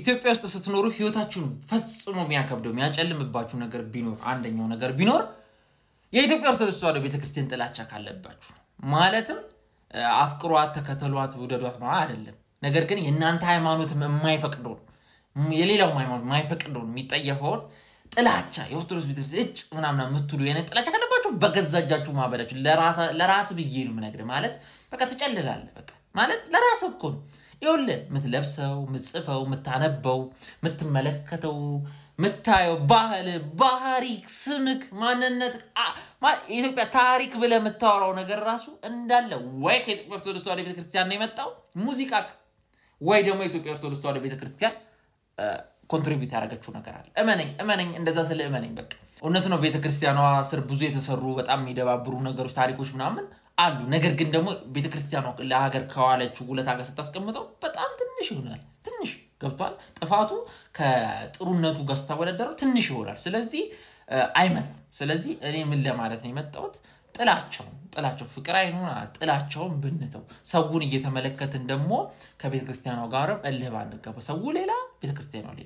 ኢትዮጵያ ውስጥ ስትኖሩ ህይወታችሁን ፈጽሞ የሚያከብደው የሚያጨልምባችሁ ነገር ቢኖር አንደኛው ነገር ቢኖር የኢትዮጵያ ኦርቶዶክስ ተዋሕዶ ቤተክርስቲያን ጥላቻ ካለባችሁ ማለትም አፍቅሯት፣ ተከተሏት፣ ውደዷት ነው አይደለም። ነገር ግን የእናንተ ሃይማኖት የማይፈቅደውን የሌላውም ሃይማኖት የማይፈቅደውን የሚጠየፈውን ጥላቻ የኦርቶዶክስ ቤተክርስቲያን እጭ ምናምና የምትሉ የነ ጥላቻ ካለባችሁ በገዛ እጃችሁ ማበዳችሁ ለራስ ብዬ ነው የምነግርህ። ማለት በቃ ትጨልላለህ በቃ ማለት ለራሱ እኮ ነው። ይኸውልህ የምትለብሰው፣ የምትጽፈው፣ የምታነበው፣ ምትመለከተው ምታየው ባህል፣ ባህሪ፣ ስምክ፣ ማንነት የኢትዮጵያ ታሪክ ብለህ የምታወራው ነገር ራሱ እንዳለ ወይ ከኢትዮጵያ ኦርቶዶክስ ተዋሕዶ ቤተክርስቲያን ነው የመጣው ሙዚቃ ወይ ደግሞ የኢትዮጵያ ኦርቶዶክስ ተዋሕዶ ቤተክርስቲያን ኮንትሪቢዩት ያደረገችው ነገር አለ። እመነኝ እመነኝ፣ እንደዛ ስለ እመነኝ። በቃ እውነት ነው። ቤተክርስቲያኗ ስር ብዙ የተሰሩ በጣም የሚደባብሩ ነገሮች፣ ታሪኮች ምናምን አሉ። ነገር ግን ደግሞ ቤተክርስቲያኗ ለሀገር ከዋለችው ውለታ ጋር ስታስቀምጠው በጣም ትንሽ ይሆናል። ትንሽ ገብቷል። ጥፋቱ ከጥሩነቱ ጋር ስታወዳደረው ትንሽ ይሆናል። ስለዚህ አይመጣም። ስለዚህ እኔ ምን ለማለት ነው የመጣሁት ጥላቸውን ጥላቸው ፍቅር አይኑና ጥላቸውን ብንተው ሰውን እየተመለከትን ደግሞ ከቤተክርስቲያኗ ጋርም እልህ ባንገባ። ሰው ሌላ፣ ቤተክርስቲያኗ ሌላ